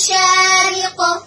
المشارق